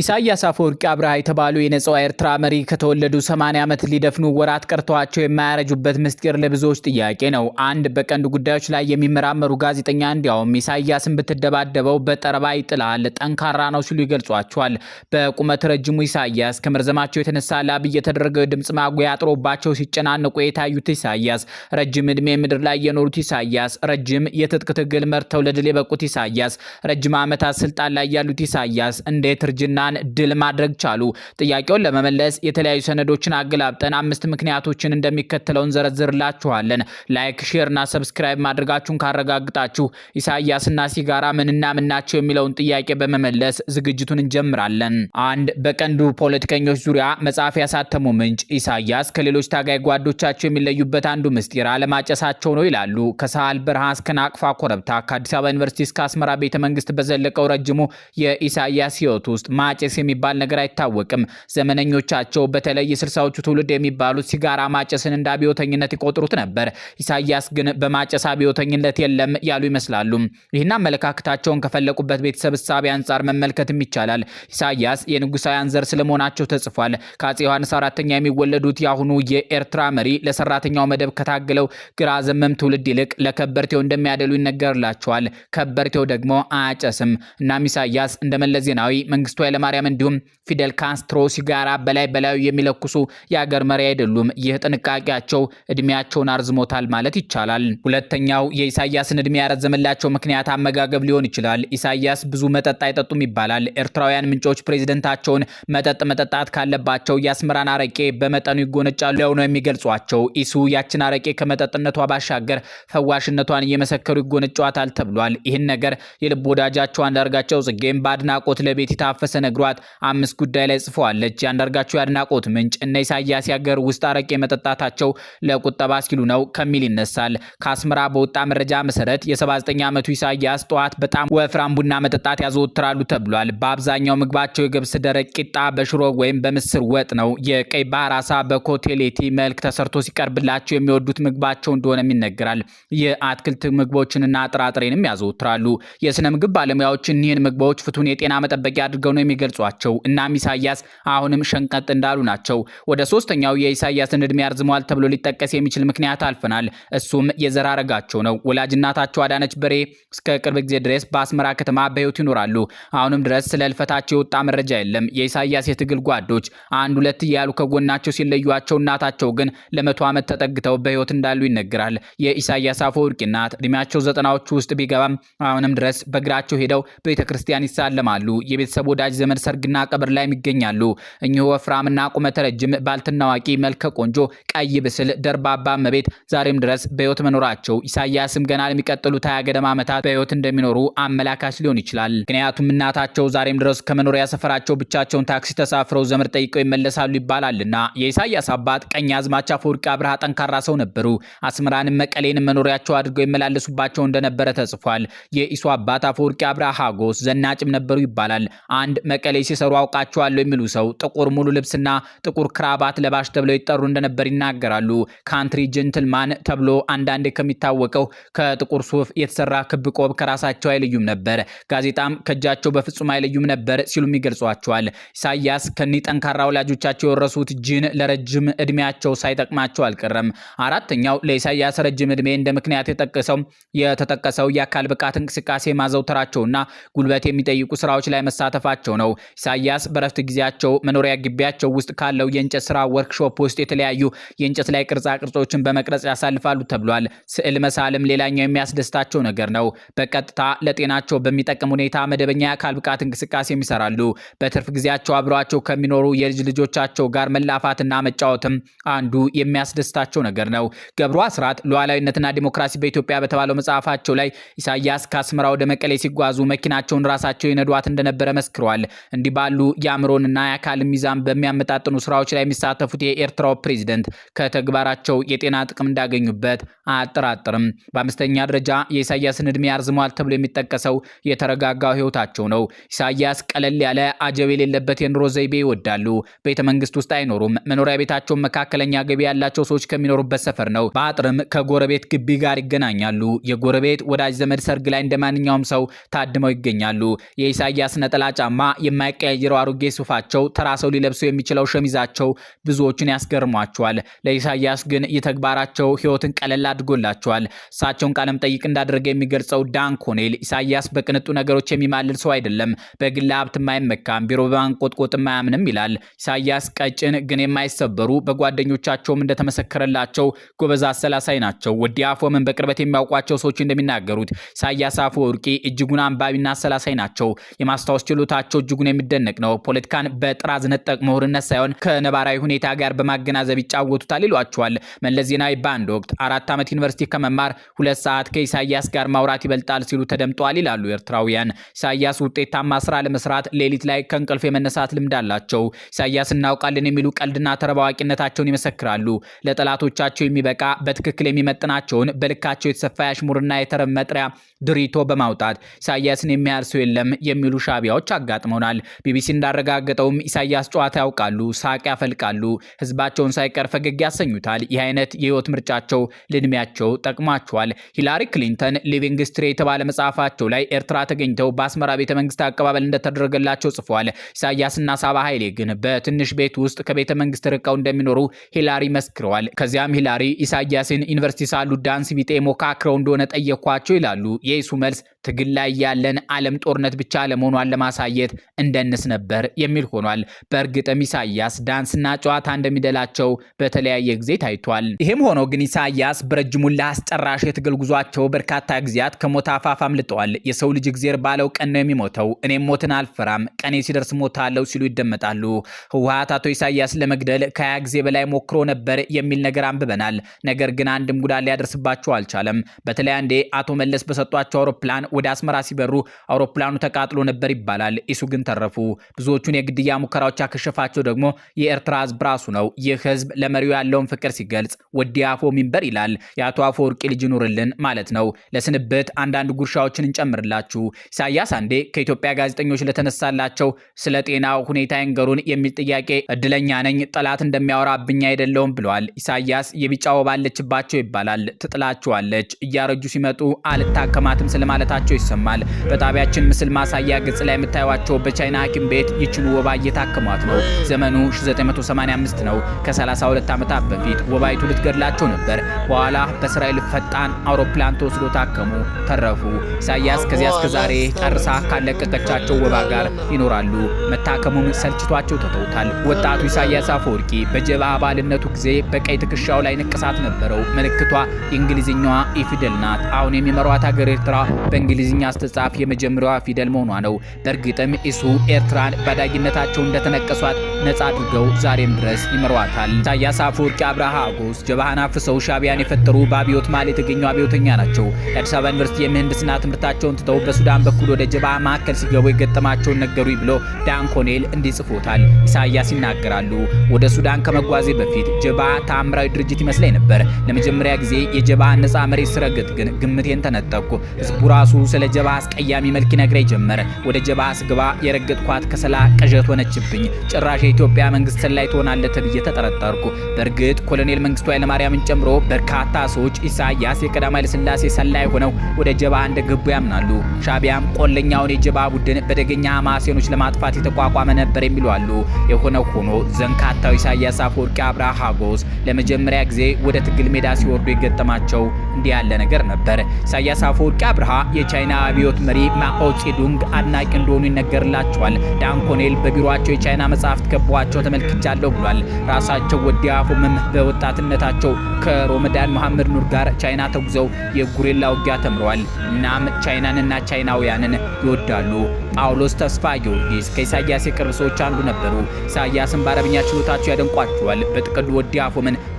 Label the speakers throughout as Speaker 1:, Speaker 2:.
Speaker 1: ኢሳያስ አፈወርቂ አብርሃ የተባሉ የነጻዋ ኤርትራ መሪ ከተወለዱ 80 ዓመት ሊደፍኑ ወራት ቀርተዋቸው የማያረጁበት ምስጢር ለብዙዎች ጥያቄ ነው። አንድ በቀንድ ጉዳዮች ላይ የሚመራመሩ ጋዜጠኛ እንዲያውም ኢሳያስን ብትደባደበው በጠረባ ይጥላል፣ ጠንካራ ነው ሲሉ ይገልጿቸዋል። በቁመት ረጅሙ ኢሳያስ ከመርዘማቸው የተነሳ ለአብይ የተደረገው ድምፅ ማጉያ አጥሮባቸው ሲጨናነቁ የታዩት ኢሳያስ፣ ረጅም ዕድሜ ምድር ላይ የኖሩት ኢሳያስ፣ ረጅም የትጥቅ ትግል መርተው ለድል የበቁት ኢሳያስ፣ ረጅም ዓመታት ስልጣን ላይ ያሉት ኢሳያስ እንዴት እርጅና ፓርላማን ድል ማድረግ ቻሉ። ጥያቄውን ለመመለስ የተለያዩ ሰነዶችን አገላብጠን አምስት ምክንያቶችን እንደሚከተለው እንዘረዝርላችኋለን። ላይክ፣ ሼር ሰብስክራይብ ማድረጋችሁን ካረጋግጣችሁ ኢሳያስና ሲጋራ ምንና ምናቸው የሚለውን ጥያቄ በመመለስ ዝግጅቱን እንጀምራለን። አንድ በቀንዱ ፖለቲከኞች ዙሪያ መጽሐፍ ያሳተሙ ምንጭ ኢሳያስ ከሌሎች ታጋይ ጓዶቻቸው የሚለዩበት አንዱ ምስጢር አለማጨሳቸው ነው ይላሉ። ከሳህል በረሃ እስከ ናቅፋ ኮረብታ ከአዲስ አበባ ዩኒቨርሲቲ እስከ አስመራ ቤተ መንግስት በዘለቀው ረጅሙ የኢሳያስ ህይወት ውስጥ ማጨስ የሚባል ነገር አይታወቅም። ዘመነኞቻቸው በተለይ የስልሳዎቹ ትውልድ የሚባሉት ሲጋራ ማጨስን እንደ አብዮተኝነት ይቆጥሩት ነበር። ኢሳያስ ግን በማጨስ አብዮተኝነት የለም ያሉ ይመስላሉ። ይህን አመለካከታቸውን ከፈለቁበት ቤተሰብ እሳቤ አንጻር መመልከትም ይቻላል። ኢሳያስ የንጉሳውያን ዘር ስለመሆናቸው ተጽፏል። ከአጼ ዮሐንስ አራተኛ የሚወለዱት የአሁኑ የኤርትራ መሪ ለሰራተኛው መደብ ከታግለው ግራ ዘመም ትውልድ ይልቅ ለከበርቴው እንደሚያደሉ ይነገርላቸዋል። ከበርቴው ደግሞ አያጨስም። እናም ኢሳያስ እንደ መለስ ዜናዊ መንግስቱ ኃይለ ኃይለማርያም እንዲሁም ፊደል ካስትሮ ሲጋራ በላይ በላዩ የሚለኩሱ የአገር መሪ አይደሉም። ይህ ጥንቃቄያቸው እድሜያቸውን አርዝሞታል ማለት ይቻላል። ሁለተኛው የኢሳያስን እድሜ ያረዘመላቸው ምክንያት አመጋገብ ሊሆን ይችላል። ኢሳያስ ብዙ መጠጥ አይጠጡም ይባላል። ኤርትራውያን ምንጮች ፕሬዚደንታቸውን መጠጥ መጠጣት ካለባቸው የአስመራን አረቄ በመጠኑ ይጎነጫሉ ያው ነው የሚገልጿቸው። ኢሱ ያችን አረቄ ከመጠጥነቷ ባሻገር ፈዋሽነቷን እየመሰከሩ ይጎነጫዋታል ተብሏል። ይህን ነገር የልብ ወዳጃቸው አንዳርጋቸው ጽጌም በአድናቆት ለቤት የታፈሰ ነገር ተነግሯት አምስት ጉዳይ ላይ ጽፈዋለች። ያንዳርጋቸው ያድናቆት ምንጭ እነ ኢሳያስ ያገር ውስጥ አረቄ መጠጣታቸው ለቁጠባ ሲሉ ነው ከሚል ይነሳል። ከአስመራ በወጣ መረጃ መሰረት የ79 ዓመቱ ኢሳያስ ጠዋት በጣም ወፍራም ቡና መጠጣት ያዘወትራሉ ተብሏል። በአብዛኛው ምግባቸው የገብስ ደረቅ ቂጣ በሽሮ ወይም በምስር ወጥ ነው። የቀይ ባህር አሳ በኮቴሌቲ መልክ ተሰርቶ ሲቀርብላቸው የሚወዱት ምግባቸው እንደሆነም ይነገራል። የአትክልት ምግቦችንና ጥራጥሬንም ያዘወትራሉ። የስነ ምግብ ባለሙያዎች እኒህን ምግቦች ፍቱን የጤና መጠበቂያ አድርገው ነው ገልጿቸው እናም ኢሳያስ አሁንም ሸንቀጥ እንዳሉ ናቸው። ወደ ሶስተኛው የኢሳያስን እድሜ አርዝሟል ተብሎ ሊጠቀስ የሚችል ምክንያት አልፈናል። እሱም የዘር ሐረጋቸው ነው። ወላጅ እናታቸው አዳነች በሬ እስከ ቅርብ ጊዜ ድረስ በአስመራ ከተማ በህይወት ይኖራሉ። አሁንም ድረስ ስለ ህልፈታቸው የወጣ መረጃ የለም። የኢሳያስ የትግል ጓዶች አንድ ሁለት እያሉ ከጎናቸው ሲለዩቸው፣ እናታቸው ግን ለመቶ ዓመት ተጠግተው በህይወት እንዳሉ ይነገራል። የኢሳያስ አፈወርቂ እናት እድሜያቸው ዘጠናዎቹ ውስጥ ቢገባም አሁንም ድረስ በእግራቸው ሄደው ቤተ ክርስቲያን ይሳለማሉ። የቤተሰብ ወዳጅ ዘመድ ሰርግና ቀብር ላይም ይገኛሉ። እኚሁ ወፍራምና ቁመተ ረጅም ባልትና አዋቂ መልከ ቆንጆ ቀይ ብስል ደርባባ እመቤት ዛሬም ድረስ በህይወት መኖራቸው ኢሳያስም ገና ለሚቀጥሉት ሀያ ገደማ ዓመታት በህይወት እንደሚኖሩ አመላካች ሊሆን ይችላል። ምክንያቱም እናታቸው ዛሬም ድረስ ከመኖሪያ ሰፈራቸው ብቻቸውን ታክሲ ተሳፍረው ዘመድ ጠይቀው ይመለሳሉ ይባላልና የኢሳያስ አባት አዝማች አፈወርቂ አብርሃ ጠንካራ ሰው ነበሩ። አስመራንም መቀሌንም መኖሪያቸው አድርገው ይመላለሱባቸው እንደነበረ ተጽፏል። የኢሱ አባት አፈወርቂ አብርሃ ሀጎስ ዘናጭም ነበሩ ይባላል። አንድ መቀሌ ሲሰሩ አውቃቸዋለሁ የሚሉ ሰው ጥቁር ሙሉ ልብስና ጥቁር ክራባት ለባሽ ተብለው ይጠሩ እንደነበር ይናገራሉ። ካንትሪ ጀንትልማን ተብሎ አንዳንዴ ከሚታወቀው ከጥቁር ሱፍ የተሰራ ክብ ቆብ ከራሳቸው አይለዩም ነበር። ጋዜጣም ከእጃቸው በፍጹም አይለዩም ነበር ሲሉም ይገልጿቸዋል። ኢሳያስ ከኒህ ጠንካራ ወላጆቻቸው የወረሱት ጅን ለረጅም እድሜያቸው ሳይጠቅማቸው አልቀረም። አራተኛው ለኢሳያስ ረጅም እድሜ እንደ ምክንያት የጠቀሰው የተጠቀሰው የአካል ብቃት እንቅስቃሴ ማዘውተራቸውና ጉልበት የሚጠይቁ ስራዎች ላይ መሳተፋቸው ነው። ነው። ኢሳያስ በረፍት ጊዜያቸው መኖሪያ ግቢያቸው ውስጥ ካለው የእንጨት ስራ ወርክሾፕ ውስጥ የተለያዩ የእንጨት ላይ ቅርጻ ቅርጾችን በመቅረጽ ያሳልፋሉ ተብሏል። ስዕል መሳልም ሌላኛው የሚያስደስታቸው ነገር ነው። በቀጥታ ለጤናቸው በሚጠቅም ሁኔታ መደበኛ የአካል ብቃት እንቅስቃሴም ይሰራሉ። በትርፍ ጊዜያቸው አብረዋቸው ከሚኖሩ የልጅ ልጆቻቸው ጋር መላፋትና መጫወትም አንዱ የሚያስደስታቸው ነገር ነው። ገብሩ አስራት ሉዓላዊነትና ዲሞክራሲ በኢትዮጵያ በተባለው መጽሐፋቸው ላይ ኢሳያስ ከአስመራ ወደ መቀሌ ሲጓዙ መኪናቸውን ራሳቸው ይነዷት እንደነበረ መስክረዋል። እንዲህ ባሉ የአእምሮንና የአካልን ሚዛን በሚያመጣጥኑ ስራዎች ላይ የሚሳተፉት የኤርትራው ፕሬዚደንት ከተግባራቸው የጤና ጥቅም እንዳገኙበት አያጠራጥርም። በአምስተኛ ደረጃ የኢሳያስን እድሜ ያርዝሟል ተብሎ የሚጠቀሰው የተረጋጋው ህይወታቸው ነው። ኢሳያስ ቀለል ያለ አጀብ የሌለበት የኑሮ ዘይቤ ይወዳሉ። ቤተ መንግስት ውስጥ አይኖሩም። መኖሪያ ቤታቸውን መካከለኛ ገቢ ያላቸው ሰዎች ከሚኖሩበት ሰፈር ነው። በአጥርም ከጎረቤት ግቢ ጋር ይገናኛሉ። የጎረቤት ወዳጅ ዘመድ ሰርግ ላይ እንደማንኛውም ሰው ታድመው ይገኛሉ። የኢሳያስ ነጠላ ጫማ የማይቀያየረው አሮጌ ሱፋቸው፣ ተራ ሰው ሊለብሰው የሚችለው ሸሚዛቸው ብዙዎቹን ያስገርሟቸዋል። ለኢሳያስ ግን የተግባራቸው ህይወትን ቀለል አድርጎላቸዋል። እሳቸውን ቃለም ጠይቅ እንዳደረገ የሚገልጸው ዳን ኮኔል ኢሳያስ በቅንጡ ነገሮች የሚማልል ሰው አይደለም፣ በግል ሀብት የማይመካም፣ ቢሮ በማንቆጥቆጥ የማያምንም ይላል። ኢሳያስ ቀጭን ግን የማይሰበሩ በጓደኞቻቸውም እንደተመሰከረላቸው ጎበዝ አሰላሳይ ናቸው። ወዲ አፎምን በቅርበት የሚያውቋቸው ሰዎች እንደሚናገሩት ኢሳያስ አፈወርቂ እጅጉን አንባቢና አሰላሳይ ናቸው። የማስታወስ ችሎታቸው እጅጉን የሚደነቅ ነው። ፖለቲካን በጥራዝ ነጠቅ ምሁርነት ሳይሆን ከነባራዊ ሁኔታ ጋር በማገናዘብ ይጫወቱታል ይሏቸዋል። መለስ ዜናዊ በአንድ ወቅት አራት ዓመት ዩኒቨርሲቲ ከመማር ሁለት ሰዓት ከኢሳያስ ጋር ማውራት ይበልጣል ሲሉ ተደምጠዋል ይላሉ ኤርትራውያን። ኢሳያስ ውጤታማ ስራ ለመስራት ሌሊት ላይ ከእንቅልፍ የመነሳት ልምድ አላቸው። ኢሳያስ እናውቃለን የሚሉ ቀልድና ተረባዋቂነታቸውን ይመሰክራሉ። ለጠላቶቻቸው የሚበቃ በትክክል የሚመጥናቸውን በልካቸው የተሰፋ ያሽሙርና የተረብ መጥሪያ ድሪቶ በማውጣት ኢሳያስን የሚያህል ሰው የለም የሚሉ ሻቢያዎች አጋጥመው ይሆናል። ቢቢሲ እንዳረጋገጠውም ኢሳያስ ጨዋታ ያውቃሉ፣ ሳቅ ያፈልቃሉ፣ ህዝባቸውን ሳይቀር ፈገግ ያሰኙታል። ይህ አይነት የህይወት ምርጫቸው ልድሜያቸው ጠቅሟቸዋል። ሂላሪ ክሊንተን ሊቪንግ ስትሪ የተባለ መጽሐፋቸው ላይ ኤርትራ ተገኝተው በአስመራ ቤተ መንግስት አቀባበል እንደተደረገላቸው ጽፏል። ኢሳያስና ሳባ ኃይሌ ግን በትንሽ ቤት ውስጥ ከቤተ መንግስት ርቀው እንደሚኖሩ ሂላሪ መስክረዋል። ከዚያም ሂላሪ ኢሳያስን ዩኒቨርሲቲ ሳሉ ዳንስ ቢጤ ሞካክረው እንደሆነ ጠየኳቸው ይላሉ። የእሱ መልስ ትግል ላይ ያለን ዓለም ጦርነት ብቻ ለመሆኗን ለማሳየት እንደንስ ነበር የሚል ሆኗል። በእርግጥም ኢሳያስ ዳንስና ጨዋታ እንደሚደላቸው በተለያየ ጊዜ ታይቷል። ይህም ሆኖ ግን ኢሳያስ በረጅሙላ አስጨራሽ የትግል ጉዟቸው በርካታ ጊዜያት ከሞት አፋፍ አምልጠዋል። የሰው ልጅ እግዜር ባለው ቀን ነው የሚሞተው፣ እኔም ሞትን አልፈራም፣ ቀኔ ሲደርስ አለው ሲሉ ይደመጣሉ። ህወሀት አቶ ኢሳያስ ለመግደል ከሀያ ጊዜ በላይ ሞክሮ ነበር የሚል ነገር አንብበናል። ነገር ግን አንድም ጉዳት ሊያደርስባቸው አልቻለም። በተለይ አንዴ አቶ መለስ በሰጧቸው አውሮፕላን ወደ አስመራ ሲበሩ አውሮፕላኑ ተቃጥሎ ነበር ይባላል። ግን ተረፉ። ብዙዎቹን የግድያ ሙከራዎች ያከሸፋቸው ደግሞ የኤርትራ ህዝብ ራሱ ነው። ይህ ህዝብ ለመሪው ያለውን ፍቅር ሲገልጽ ወዲ አፎ ሚንበር ይላል። የአቶ ወርቂ ልጅ ኑርልን ማለት ነው። ለስንብት አንዳንድ ጉርሻዎችን እንጨምርላችሁ። ኢሳያስ አንዴ ከኢትዮጵያ ጋዜጠኞች ለተነሳላቸው ስለ ጤና ሁኔታ ይንገሩን የሚል ጥያቄ እድለኛ ነኝ፣ ጠላት እንደሚያወራብኝ አይደለውም ብለዋል። ኢሳያስ የቢጫ ወባ አለችባቸው ይባላል። ትጥላችኋለች። እያረጁ ሲመጡ አልታከማትም ስለማለታቸው ይሰማል። በጣቢያችን ምስል ማሳያ ገጽ ላይ የምታዩቸው በቻይና ሐኪም ቤት ይችሉ ወባ እየታከሟት ነው። ዘመኑ 1985 ነው። ከ32 ዓመታት በፊት ወባይቱ ልትገድላቸው ነበር። በኋላ በእስራኤል ፈጣን አውሮፕላን ተወስዶ ታከሙ፣ ተረፉ። ኢሳያስ ከዚያ እስከ ዛሬ ጨርሳ ካለቀቀቻቸው ወባ ጋር ይኖራሉ። መታከሙም ሰልችቷቸው ተተውታል። ወጣቱ ኢሳያስ አፈወርቂ በጀባ አባልነቱ ጊዜ በቀይ ትከሻው ላይ ንቅሳት ነበረው። ምልክቷ የእንግሊዝኛዋ ኢፊደል ናት። አሁን የሚመሯት ሀገር ኤርትራ በእንግሊዝኛ አስተጻፍ የመጀመሪያዋ ፊደል መሆኗ ነው። በእርግጥም አዲሱ ኤርትራን ባዳጊነታቸው እንደተነቀሷት ነጻ አድርገው ዛሬም ድረስ ይመሯታል። ኢሳያስ አፈወርቂ አብርሃ አጎስ ጀብሃን አፍርሰው ሻቢያን የፈጠሩ በአብዮት መሃል የተገኙ አብዮተኛ ናቸው። የአዲስ አበባ ዩኒቨርሲቲ የምህንድስና ትምህርታቸውን ትተው በሱዳን በኩል ወደ ጀባ ማዕከል ሲገቡ የገጠማቸውን ነገሩኝ ብሎ ዳን ኮኔል ጽፎታል። ኢሳያስ ይናገራሉ። ወደ ሱዳን ከመጓዜ በፊት ጀባ ተአምራዊ ድርጅት ይመስለኝ ነበር። ለመጀመሪያ ጊዜ የጀባ ነጻ መሬት ስረግጥ ግን ግምቴን ተነጠቅኩ። ህዝቡ ራሱ ስለ ጀባ አስቀያሚ መልክ ይነግረኝ ጀመር። ወደ ጀባ ስግባ የረገጥኳት ከሰላ ቅዠት ሆነችብኝ። ጭራሽ የኢትዮጵያ መንግስት ላይ ትሆናለ ተብዬ ተጠረጠርኩ። በእርግጥ ኮሎኔል መንግስቱ ኃይለማርያምን ጨምሮ በርካታ ሰዎች ኢሳያስ የቀዳማዊ ኃይለስላሴ ሰላይ ሆነው ወደ ጀባ እንደገቡ ያምናሉ። ሻቢያም ቆለኛውን የጀባ ቡድን በደገኛ ማሴኖች ለማጥፋት የተቋቋመ ነበር የሚሉ አሉ። የሆነ ሆኖ ዘንካታው ኢሳያስ አፈወርቂ አብርሃ ሀጎስ ለመጀመሪያ ጊዜ ወደ ትግል ሜዳ ሲወርዱ የገጠማቸው እንዲህ ያለ ነገር ነበር። ኢሳያስ አፈወርቂ አብርሃ የቻይና አብዮት መሪ ማኦ ጼዱንግ አድናቂ እንደሆኑ ይነገርላል ዳን ዳንኮኔል በቢሮአቸው የቻይና መጽሐፍት ከቧቸው ተመልክቻለሁ ብሏል። ራሳቸው ወዲ አፎምም በወጣትነታቸው ከሮመዳን መሐመድ ኑር ጋር ቻይና ተጉዘው የጉሬላ ውጊያ ተምረዋል። እናም ቻይናንና ቻይናውያንን ይወዳሉ። ጳውሎስ ተስፋ ጊዮርጊስ ከኢሳያስ የቅርብ ሰዎች አንዱ ነበሩ። ኢሳያስን በአረብኛ ችሎታቸው ያደንቋቸዋል። በጥቅሉ ወዲ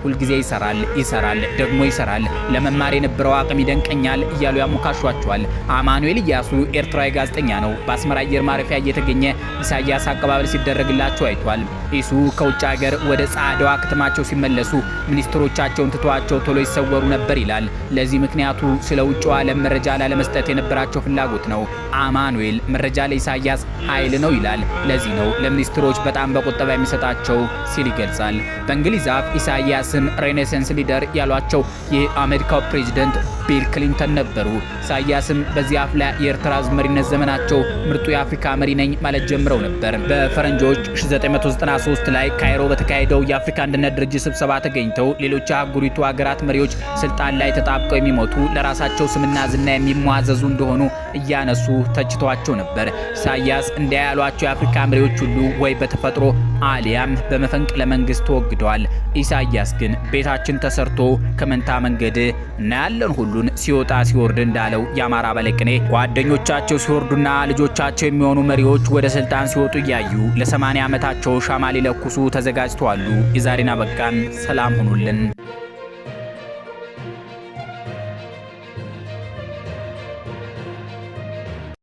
Speaker 1: ሁልጊዜ ይሰራል ይሰራል ደግሞ ይሰራል፣ ለመማር የነበረው አቅም ይደንቀኛል እያሉ ያሞካሿቸዋል። አማኑኤል እያሱ ኤርትራዊ ጋዜጠኛ ነው። በአስመራ አየር ማረፊያ እየተገኘ ኢሳያስ አቀባበል ሲደረግላቸው አይቷል። ኢሱ ከውጭ ሀገር ወደ ጻድዋ ከተማቸው ሲመለሱ ሚኒስትሮቻቸውን ትተዋቸው ቶሎ ይሰወሩ ነበር ይላል። ለዚህ ምክንያቱ ስለ ውጭው ዓለም መረጃ ላለመስጠት የነበራቸው ፍላጎት ነው። አማኑኤል መረጃ ለኢሳያስ ኃይል ነው ይላል። ለዚህ ነው ለሚኒስትሮች በጣም በቁጠባ የሚሰጣቸው ሲል ይገልጻል። በእንግሊዝ አፍ ኢሳያስ የዩኤስን ሬኔሴንስ ሊደር ያሏቸው የአሜሪካው ፕሬዚደንት ቢል ክሊንተን ነበሩ። ኢሳያስም በዚህ አፍላ የኤርትራ መሪነት ዘመናቸው ምርጡ የአፍሪካ መሪ ነኝ ማለት ጀምረው ነበር። በፈረንጆች 1993 ላይ ካይሮ በተካሄደው የአፍሪካ አንድነት ድርጅት ስብሰባ ተገኝተው ሌሎች የአህጉሪቱ ሀገራት መሪዎች ስልጣን ላይ ተጣብቀው የሚሞቱ ለራሳቸው ስምና ዝና የሚሟዘዙ እንደሆኑ እያነሱ ተችተዋቸው ነበር። ኢሳያስ እንዲያ ያሏቸው የአፍሪካ መሪዎች ሁሉ ወይ በተፈጥሮ አሊያም በመፈንቅለ መንግስት ተወግደዋል። ኢሳያስ ግን ቤታችን ተሰርቶ ከመንታ መንገድ እናያለን ሁሉ ሁሉን ሲወጣ ሲወርድ እንዳለው የአማራ በለቅኔ። ጓደኞቻቸው ሲወርዱና ልጆቻቸው የሚሆኑ መሪዎች ወደ ስልጣን ሲወጡ እያዩ ለ80 ዓመታቸው ሻማ ሊለኩሱ ተዘጋጅተዋሉ። የዛሬን አበቃን። ሰላም ሁኑልን።